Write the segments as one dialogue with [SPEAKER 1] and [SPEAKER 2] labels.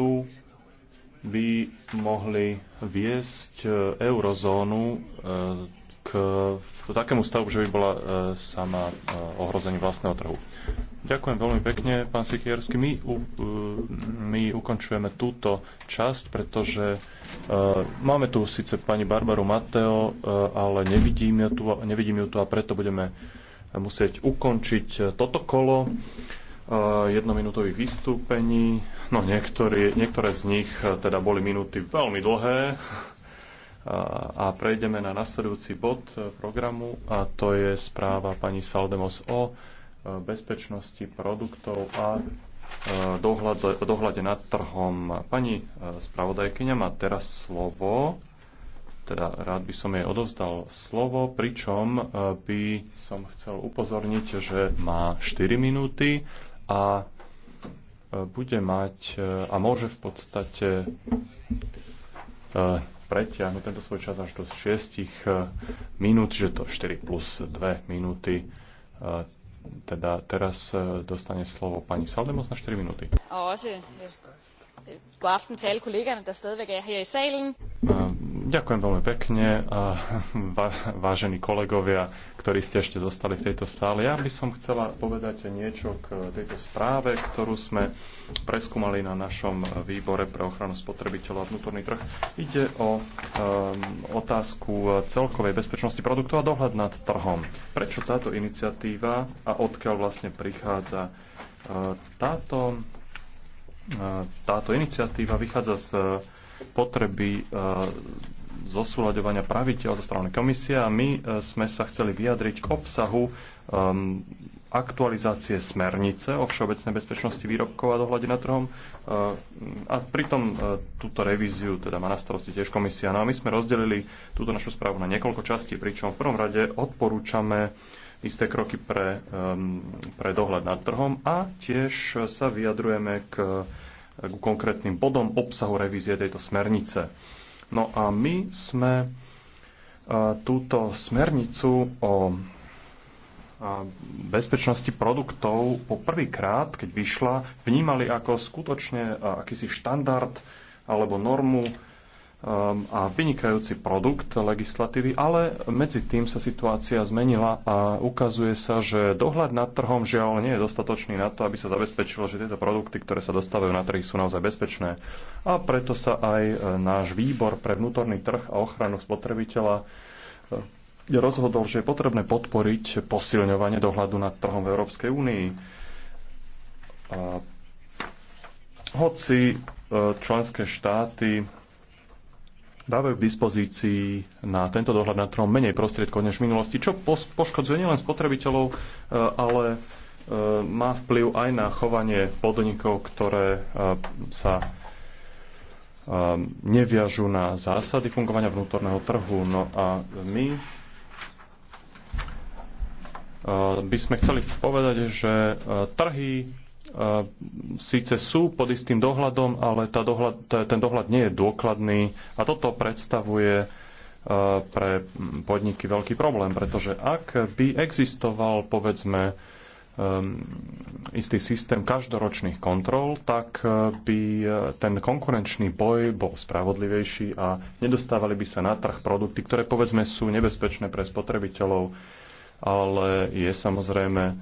[SPEAKER 1] paktu by mohli viesť e, eurozónu e, k takému stavu, že by bola e, sama ohrození vlastného trhu. Ďakujem veľmi pekne, pán Sikiersky. My, my ukončujeme túto časť, pretože máme tu síce pani Barbaru Mateo, ale nevidím ju tu, nevidím ju tu a preto budeme musieť ukončiť toto kolo. Eh, jednominútových vystúpení. No niektorí, niektoré z nich eh, teda boli minúty veľmi dlhé eh, a prejdeme na nasledujúci bod programu a to je správa pani Saldemos o bezpečnosti produktov a dohľade, dohľade nad trhom. Pani spravodajkyňa má teraz slovo teda rád by som jej odovzdal slovo, pričom by som chcel upozorniť, že má 4 minúty a e, bude mať e, a môže v podstate e, preťahnuť tento svoj čas až do 6 minút, čiže to 4 plus 2 minúty. Teda teraz dostane slovo pani Saldemos na 4 minúty.
[SPEAKER 2] Øh, god aften til alle kollegerne, der stadigvæk er her i salen.
[SPEAKER 1] Ďakujem veľmi pekne. Vážení kolegovia, ktorí ste ešte zostali v tejto sále, ja by som chcela povedať niečo k tejto správe, ktorú sme preskúmali na našom výbore pre ochranu spotrebiteľov a vnútorný trh. Ide o um, otázku celkovej bezpečnosti produktov a dohľad nad trhom. Prečo táto iniciatíva a odkiaľ vlastne prichádza? Uh, táto, uh, táto iniciatíva vychádza z uh, potreby zosúľaďovania pravidel zo strany komisie a my e, sme sa chceli vyjadriť k obsahu um, aktualizácie smernice o všeobecnej bezpečnosti výrobkov a dohľade na trhom. E, a pritom túto revíziu teda má na starosti tiež komisia. No a my sme rozdelili túto našu správu na niekoľko častí, pričom v prvom rade odporúčame isté kroky pre, pre dohľad nad trhom a tiež sa vyjadrujeme k, k konkrétnym bodom obsahu revízie tejto smernice. No a my sme e, túto smernicu o e, bezpečnosti produktov po prvýkrát, keď vyšla, vnímali ako skutočne e, akýsi štandard alebo normu Um, a vynikajúci produkt legislatívy, ale medzi tým sa situácia zmenila a ukazuje sa, že dohľad nad trhom žiaľ nie je dostatočný na to, aby sa zabezpečilo, že tieto produkty, ktoré sa dostávajú na trhy, sú naozaj bezpečné. A preto sa aj e, náš výbor pre vnútorný trh a ochranu spotrebiteľa e, rozhodol, že je potrebné podporiť posilňovanie dohľadu nad trhom v Európskej únii. Hoci e, členské štáty dávajú k dispozícii na tento dohľad na trom menej prostriedkov než v minulosti, čo poškodzuje nielen spotrebiteľov, e, ale e, má vplyv aj na chovanie podnikov, ktoré e, sa neviažu na zásady fungovania vnútorného trhu. No a my by sme chceli povedať, že trhy síce sú pod istým dohľadom, ale tá dohľad, ten dohľad nie je dôkladný a toto predstavuje pre podniky veľký problém, pretože ak by existoval, povedzme, um, istý systém každoročných kontrol, tak by ten konkurenčný boj bol spravodlivejší a nedostávali by sa na trh produkty, ktoré povedzme sú nebezpečné pre spotrebiteľov, ale je samozrejme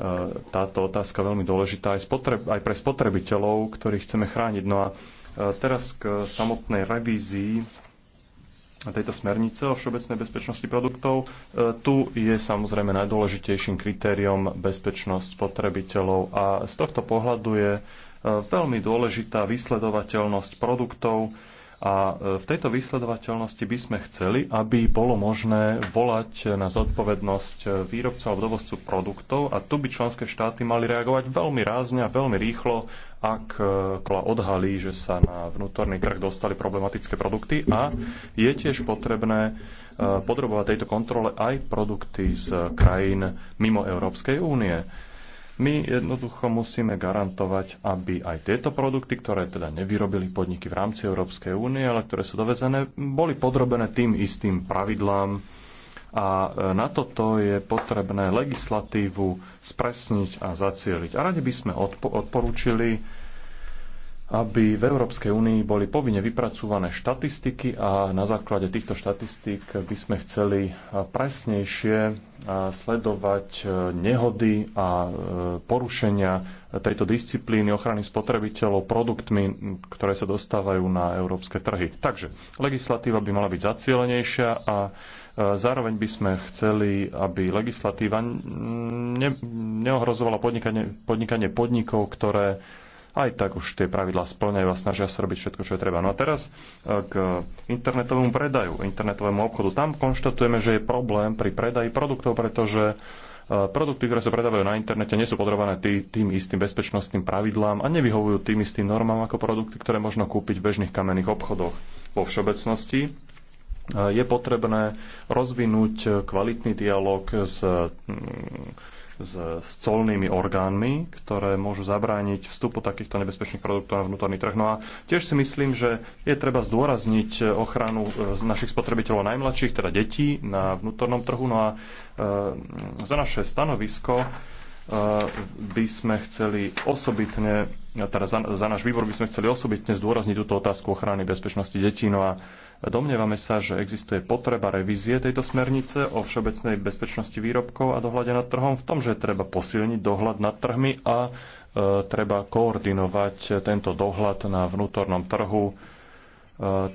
[SPEAKER 1] E, táto otázka veľmi dôležitá aj, spotreb, aj pre spotrebiteľov, ktorých chceme chrániť. No a e, teraz k samotnej revízii tejto smernice o všeobecnej bezpečnosti produktov. E, tu je samozrejme najdôležitejším kritériom bezpečnosť spotrebiteľov a z tohto pohľadu je veľmi dôležitá vysledovateľnosť produktov, a e, v tejto vysledovateľnosti by sme chceli, aby bolo možné volať na zodpovednosť e, výrobcov a dovozcu produktov a tu by členské štáty mali reagovať veľmi rázne a veľmi rýchlo, ak e, odhalí, že sa na vnútorný trh dostali problematické produkty a je tiež potrebné podrobovať tejto kontrole aj produkty z krajín mimo Európskej únie. My jednoducho musíme garantovať, aby aj tieto produkty, ktoré teda nevyrobili podniky v rámci Európskej únie, ale ktoré sú dovezené, boli podrobené tým istým pravidlám, a e, na toto je potrebné legislatívu spresniť a zacieliť. A radi by sme odporúčili aby v Európskej únii boli povinne vypracované štatistiky a na základe týchto štatistík by sme chceli e, presnejšie e, sledovať e, nehody a porušenia tejto disciplíny ochrany spotrebiteľov produktmi, ktoré sa dostávajú na európske trhy. Takže legislatíva by mala byť zacielenejšia a Zároveň by sme chceli, aby legislatíva ne, neohrozovala podnikanie, podnikanie podnikov, ktoré aj tak už tie pravidlá splňajú a snažia sa robiť všetko, čo je treba. No a teraz eh, k internetovému predaju, internetovému obchodu. Tam konštatujeme, že je problém pri predaji produktov, pretože eh, produkty, ktoré sa predávajú na internete, nie sú podrobené tý, tým istým bezpečnostným pravidlám a nevyhovujú tým istým normám ako produkty, ktoré možno kúpiť v bežných kamenných obchodoch. Vo všeobecnosti eh, je potrebné rozvinúť kvalitný dialog s hm, s, s colnými orgánmi, ktoré môžu zabrániť vstupu takýchto nebezpečných produktov na vnútorný trh. No a tiež si myslím, že je treba zdôrazniť eh, ochranu eh, našich spotrebiteľov najmladších, teda detí na vnútornom trhu. No a e, za naše stanovisko by sme chceli osobitne, teda za, za náš výbor by sme chceli osobitne zdôrazniť túto otázku ochrany bezpečnosti detí. No a Domnievame sa, že existuje potreba revízie tejto smernice o všeobecnej bezpečnosti výrobkov a dohľade nad trhom v tom, že treba posilniť dohľad nad trhmi a e, treba koordinovať tento dohľad na vnútornom trhu. E,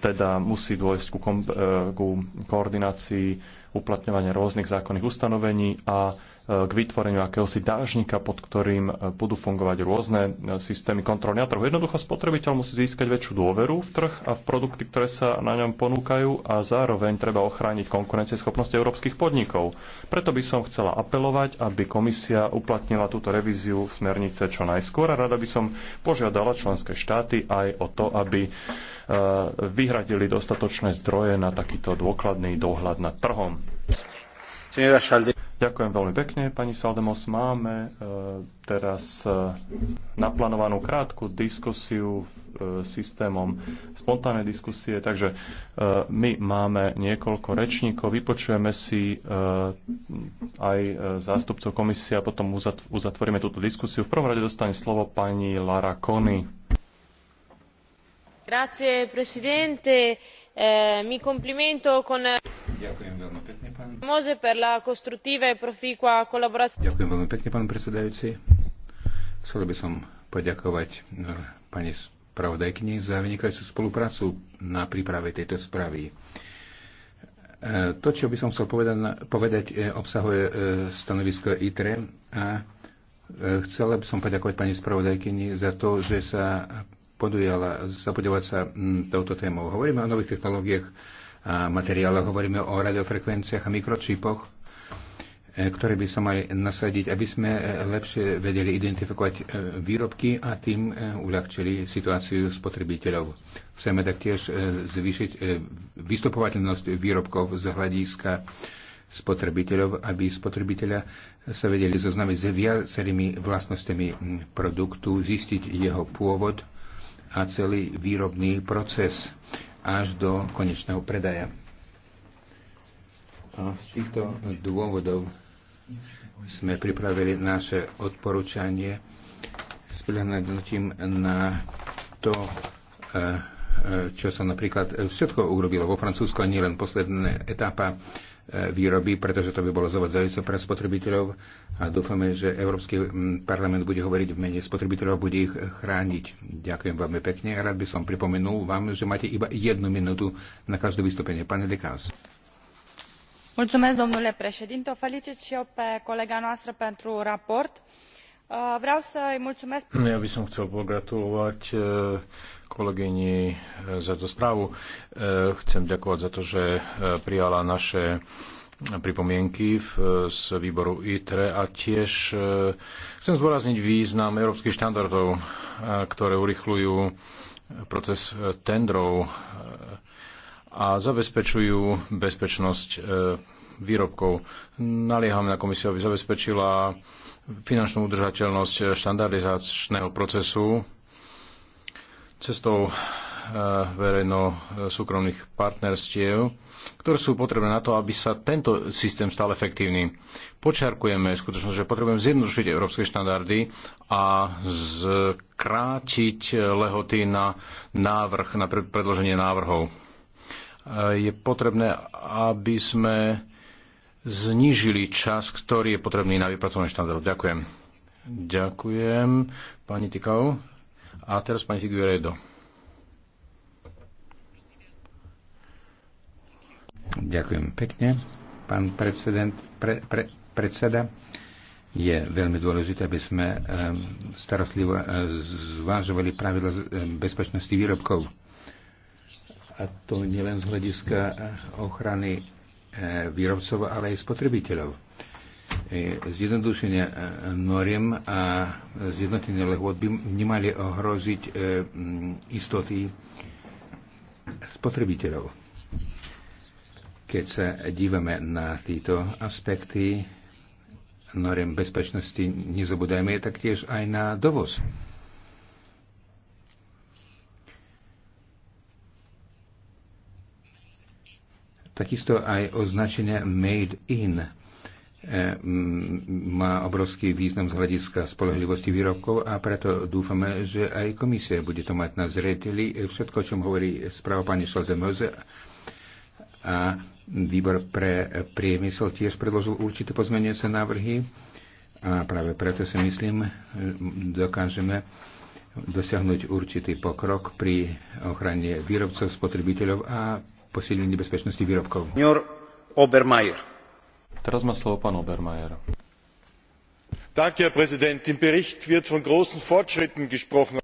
[SPEAKER 1] teda musí dôjsť ku, kom, e, ku koordinácii uplatňovania rôznych zákonných ustanovení a k vytvoreniu akéhosi dážnika, pod ktorým e, budú fungovať rôzne e, systémy kontroly na trhu. Jednoducho spotrebiteľ musí získať väčšiu dôveru v trh a v produkty, ktoré sa na ňom ponúkajú a zároveň treba ochrániť konkurencieschopnosť európskych podnikov. Preto by som chcela apelovať, aby komisia uplatnila túto revíziu smernice čo najskôr a rada by som požiadala členské štáty aj o to, aby e, vyhradili dostatočné zdroje na takýto dôkladný dohľad nad trhom. Ďakujem veľmi pekne, pani Saldemos. Máme e, teraz e, naplánovanú krátku diskusiu e, systémom spontánnej diskusie, takže my máme niekoľko rečníkov, vypočujeme si aj zástupcov komisie a potom uzatvoríme túto diskusiu. V prvom rade dostane slovo pani Lara Kony.
[SPEAKER 2] Grazie, presidente. mi complimento con...
[SPEAKER 1] E Ďakujem
[SPEAKER 3] veľmi pekne, pán predsedajúci. Chcel by som poďakovať eh, pani spravodajkyni za vynikajúcu spoluprácu na príprave tejto správy. Eh, to, čo by som chcel povedať, povedať eh, obsahuje stanovisko ITRE a chcel by som poďakovať pani spravodajkyni za to, že sa podujala zapodovať sa hm, touto témou. Hovoríme o nových technológiách materiále Hovoríme o radiofrekvenciách a mikročipoch, e, ktoré by sa mali nasadiť, aby sme e, lepšie vedeli identifikovať e, výrobky a tým uľahčili situáciu spotrebiteľov. Chceme taktiež zvýšiť vystupovateľnosť výrobkov z hľadiska spotrebiteľov, aby spotrebiteľa sa vedeli zoznámiť s viacerými vlastnosťami produktu, zistiť jeho pôvod a celý výrobný proces až do konečného predaja. A z týchto dôvodov sme pripravili naše odporúčanie s prihľadnutím na to, e, e, čo sa napríklad všetko urobilo vo Francúzsku a nielen posledná etapa výroby, pretože to by bolo zavadzajúce pre spotrebiteľov a dúfame, že Európsky parlament bude hovoriť v mene spotrebiteľov a bude ich chrániť. Ďakujem veľmi pekne a rád by som pripomenul vám, že máte iba jednu minútu na každé vystúpenie. Pane Dekás. o felicit și eu pe colega noastră pentru raport.
[SPEAKER 2] Uh, vreau să i mulțumesc... Ja by som chcel pogratulovať uh, kolegyni eh, za tú správu. Eh, chcem ďakovať za to, že eh, prijala naše pripomienky z výboru ITRE a tiež chcem zdôrazniť význam európskych štandardov, ktoré urychľujú proces tendrov a zabezpečujú bezpečnosť výrobkov. Naliehame na komisiu, aby zabezpečila finančnú udržateľnosť štandardizačného procesu cestou eh, verejno-súkromných partnerstiev, ktoré sú potrebné na to, aby sa tento systém stal efektívny. Počarkujeme skutočnosť, že potrebujeme zjednodušiť európske štandardy a skrátiť lehoty na návrh, na predloženie návrhov. Eh, je potrebné, aby sme znížili čas, ktorý je potrebný na vypracovanie štandardov. Ďakujem. Ďakujem. Pani Tikau. A teraz pani Figueredo.
[SPEAKER 3] Ďakujem pekne. Pán precedent, pre, pre, predseda, je veľmi dôležité, aby sme ehm, starostlivo e, zvážovali pravidla e, bezpečnosti výrobkov. A to nielen z hľadiska e, ochrany výrobcov, ale aj spotrebiteľov E, zjednodušenie e, noriem a zjednotenie lehôd by nemali ohroziť e, istoty spotrebiteľov. Keď sa dívame na tieto aspekty noriem bezpečnosti, nezabudajme taktiež aj na dovoz. Takisto aj označenie made in E, má obrovský význam z hľadiska spolehlivosti výrobkov a preto dúfame, že aj komisia bude to mať na zreteli e, všetko, o čom hovorí správa pani Šoldemoze a výbor pre priemysel tiež predložil určité pozmeniace návrhy a práve preto si myslím, e, dokážeme dosiahnuť určitý pokrok pri ochrane výrobcov, spotrebiteľov a posilnení bezpečnosti výrobkov. Obermeier. Teraz
[SPEAKER 2] má slovo pán Obermajer.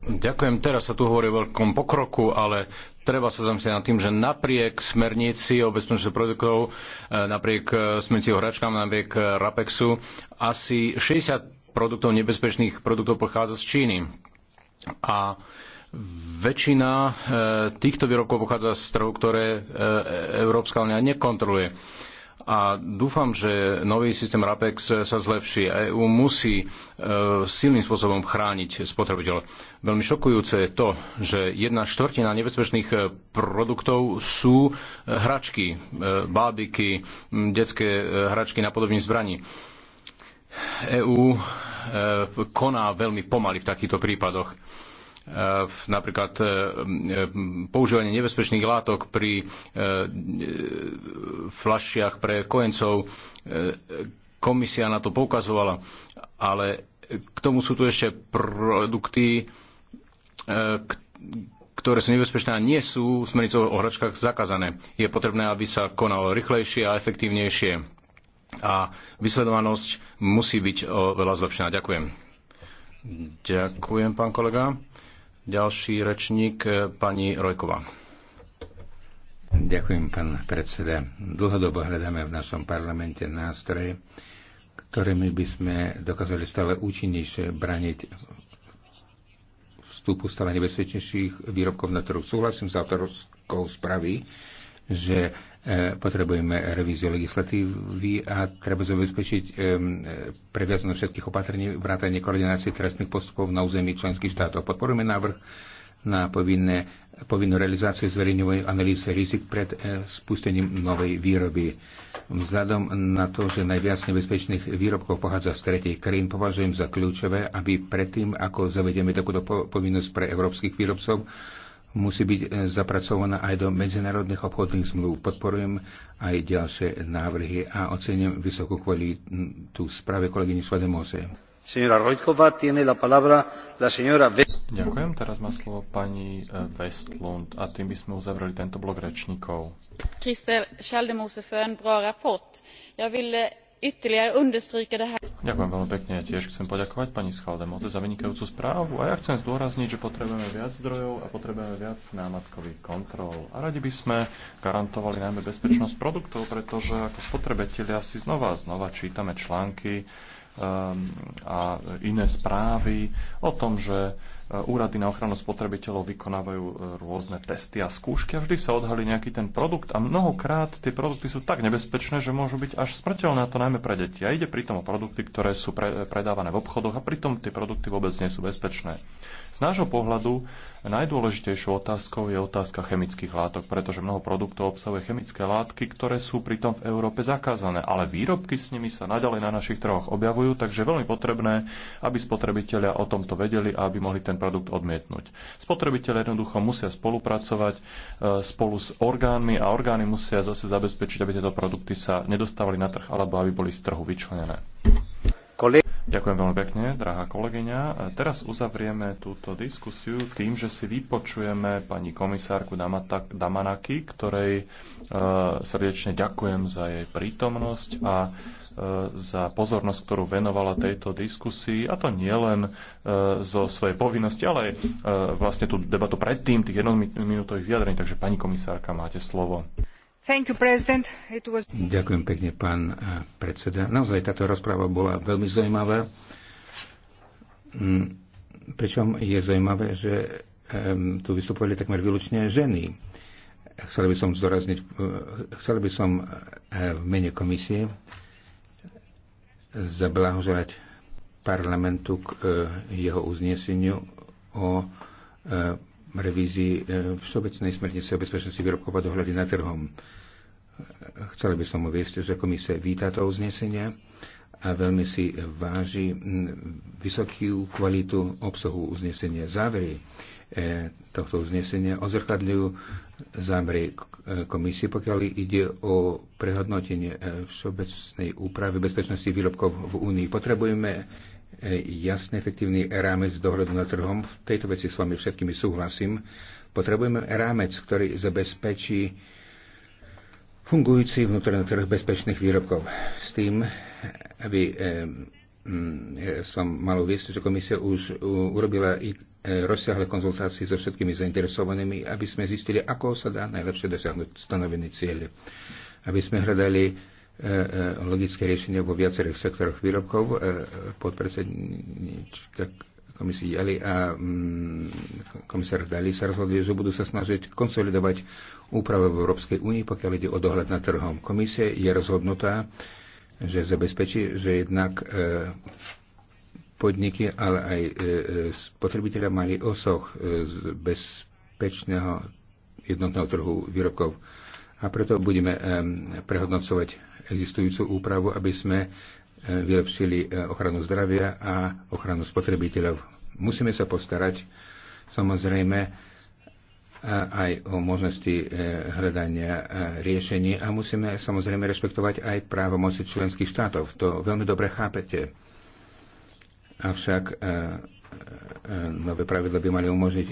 [SPEAKER 2] Ďakujem, teraz sa tu hovorí o veľkom pokroku, ale treba sa zamyslieť nad tým, že napriek smernici o bezpečnosti produktov, e, napriek e, smernici o hračkám, napriek e, Rapexu, asi 60 produktov nebezpečných produktov pochádza z Číny. A väčšina týchto výrobkov pochádza z trhu, ktoré Európska únia nekontroluje a dúfam, že nový systém RAPEX sa zlepší a e EU musí e, silným spôsobom chrániť spotrebiteľ. Veľmi šokujúce je to, že jedna štvrtina nebezpečných e, produktov sú e, hračky, e, bábiky, detské hračky na podobne zbraní. EÚ koná veľmi pomaly v takýchto prípadoch napríklad e, používanie nebezpečných látok pri e, e, flašiach pre kojencov. Komisia na to poukazovala, ale k tomu sú tu ešte produkty, ktoré sú nebezpečné a nie sú smernicou o hračkách zakázané. Je potrebné, aby sa konalo rýchlejšie a efektívnejšie. A vysledovanosť musí byť veľa zlepšená. Ďakujem. Ďakujem, pán kolega. Ďalší rečník, e, pani Rojková. Ďakujem, pán predseda. Dlhodobo hľadáme
[SPEAKER 3] v našom parlamente nástroje, ktorými by sme dokázali stále účinnejšie braniť vstupu stále nebezpečnejších výrobkov na trhu. Súhlasím s autorskou spravy, že potrebujeme revíziu legislatívy a treba zabezpečiť previazanosť všetkých opatrení vrátanie koordinácie trestných postupov na území členských štátov. Podporujeme návrh na povinné, povinnú realizáciu zverejňovej analýzy rizik pred eh, spustením novej výroby. Vzhľadom na to, že najviac nebezpečných výrobkov pochádza z tretej krajín, považujem za kľúčové, aby predtým, ako zavedieme takúto povinnosť pre európskych výrobcov, musí byť e, zapracovaná aj do medzinárodných obchodných zmluv. Podporujem aj ďalšie návrhy a ocením vysokú kvalitu správe kolegyni Svademose.
[SPEAKER 1] Ďakujem, teraz má slovo pani e, Westlund a tým by sme uzavreli tento blok rečníkov.
[SPEAKER 3] Christel Schaldemose för en bra rapport. Ja vill e,
[SPEAKER 1] Ďakujem veľmi pekne. Ja tiež chcem poďakovať pani Schaldemote za vynikajúcu správu a ja chcem zdôrazniť, že potrebujeme viac zdrojov a potrebujeme viac námatkových kontrol. A radi by sme garantovali najmä bezpečnosť produktov, pretože ako spotrebitelia si znova a znova čítame články um, a iné správy o tom, že Eh, úrady na ochranu spotrebiteľov vykonávajú eh, rôzne testy a skúšky a vždy sa odhalí nejaký ten produkt a mnohokrát tie produkty sú tak nebezpečné, že môžu byť až smrteľné, a to najmä pre deti. A ide pritom o produkty, ktoré sú pre, eh, predávané v obchodoch a pritom tie produkty vôbec nie sú bezpečné. Z nášho pohľadu najdôležitejšou otázkou je otázka chemických látok, pretože mnoho produktov obsahuje chemické látky, ktoré sú pritom v Európe zakázané, ale výrobky s nimi sa naďalej na našich trhoch objavujú, takže veľmi potrebné, aby spotrebitelia o tomto vedeli a aby mohli ten ten produkt odmietnúť. Spotrebitelia jednoducho musia spolupracovať e, spolu s orgánmi a orgány musia zase zabezpečiť, aby tieto produkty sa nedostávali na trh alebo aby boli z trhu vyčlenené. Ďakujem veľmi pekne, drahá kolegyňa. E, teraz uzavrieme túto diskusiu tým, že si vypočujeme pani komisárku Damanaki, ktorej e, srdečne ďakujem za jej prítomnosť a za pozornosť, ktorú venovala tejto diskusii, a to nielen e, zo svojej povinnosti, ale aj e, vlastne tú debatu predtým, tých
[SPEAKER 3] jednominútových vyjadrení. Takže pani komisárka, máte slovo.
[SPEAKER 2] You, was...
[SPEAKER 3] Ďakujem pekne, pán e, predseda. Naozaj táto rozpráva bola veľmi zaujímavá. Mm, pričom je zaujímavé, že tu vystupovali takmer výlučne ženy. Chcel by som zdôrazniť, chcel by som v mene komisie zablahoželať parlamentu k e, jeho uzneseniu o e, revízii e, Všeobecnej smernice o bezpečnosti výrobkov a dohľady na trhom. Chcel by som uviesť, že komise víta to uznesenie a veľmi si váži vysokú kvalitu obsahu uznesenia závery E, tohto uznesenia ozrkadľujú zámery e, komisie, pokiaľ ide o prehodnotenie e, všeobecnej úpravy bezpečnosti výrobkov v Únii. Potrebujeme jasný, efektívny rámec dohľadu nad trhom. V tejto veci s vami všetkými súhlasím. Potrebujeme rámec, ktorý zabezpečí fungujúci vnútorný trh bezpečných výrobkov. S tým, aby Mm, som mal uviesť, že komisia už urobila i e, rozsiahle konzultácie so všetkými zainteresovanými, aby sme zistili, ako sa dá najlepšie dosiahnuť stanovené cieľe. Aby sme hľadali e, e, logické riešenie vo viacerých sektoroch výrobkov. Podpredsednička komisii Jali a mm, komisár Dali sa rozhodli, že budú sa snažiť konsolidovať úpravy v Európskej únii, pokiaľ ide o dohľad nad trhom. Komisie je rozhodnutá že zabezpečí, že jednak e, podniky, ale aj e, e, spotrebitelia mali osoch z bezpečného jednotného trhu výrobkov. A preto budeme prehodnocovať existujúcu úpravu, aby sme vylepšili ochranu zdravia a ochranu spotrebiteľov. Musíme sa postarať samozrejme aj o možnosti e, hľadania e, riešení a musíme samozrejme rešpektovať aj právomoci členských štátov. To veľmi dobre chápete. Avšak e, nové pravidla by mali umožniť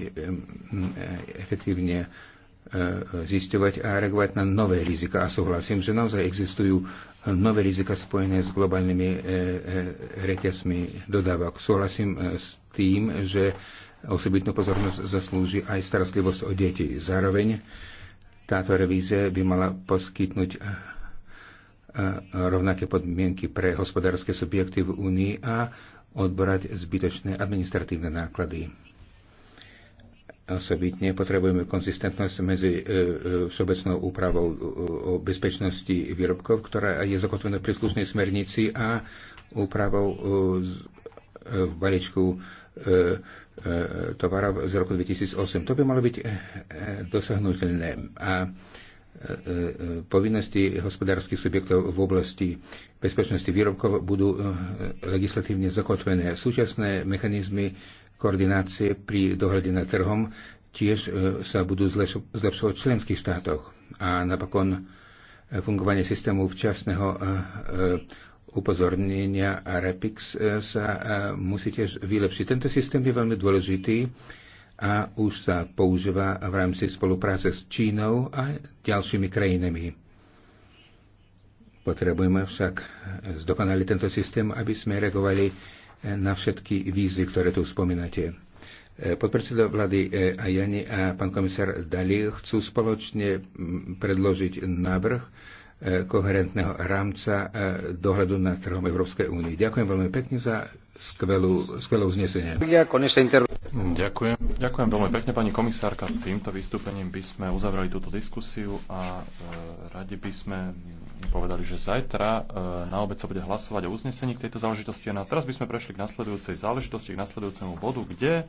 [SPEAKER 3] efektívne E, zisťovať a reagovať na nové rizika. A súhlasím, že naozaj existujú nové rizika spojené s globálnymi e, e, reťazmi dodávok. Súhlasím s tým, že osobitnú pozornosť zaslúži aj starostlivosť o deti. Zároveň táto revízia by mala poskytnúť rovnaké podmienky pre hospodárske subjekty v Únii a odborať zbytočné administratívne náklady. Osobitne potrebujeme konzistentnosť medzi e, e, všeobecnou úpravou e, o bezpečnosti výrobkov, ktorá je zakotvená v príslušnej smernici a úpravou v balíčku tovarov z roku 2008. To by malo byť dosahnutelné. A povinnosti hospodárskych subjektov v oblasti bezpečnosti výrobkov budú legislatívne zakotvené. Súčasné mechanizmy koordinácie pri dohľade nad trhom tiež e, sa budú zlepšovať v členských štátoch. A napokon e, fungovanie systému včasného e, upozornenia a REPIX sa musí tiež vylepšiť. Tento systém je veľmi dôležitý a už sa používa v rámci spolupráce s Čínou a ďalšími krajinami. Potrebujeme však zdokonali tento systém, aby sme reagovali na všetky výzvy, ktoré tu spomínate. E, podpredseda vlády e, Ajani a pán komisár Dali chcú spoločne predložiť návrh e, koherentného rámca dohľadu na trhom Európskej únie. Ďakujem veľmi pekne za skvelú, skvelú uznesenie.
[SPEAKER 1] Ďakujem. Ďakujem veľmi pekne, pani komisárka. Týmto vystúpením by sme uzavreli túto diskusiu a e, radi by sme povedali, že zajtra e, na obec sa bude hlasovať o uznesení k tejto záležitosti. A teraz by sme prešli k nasledujúcej záležitosti, k nasledujúcemu bodu, kde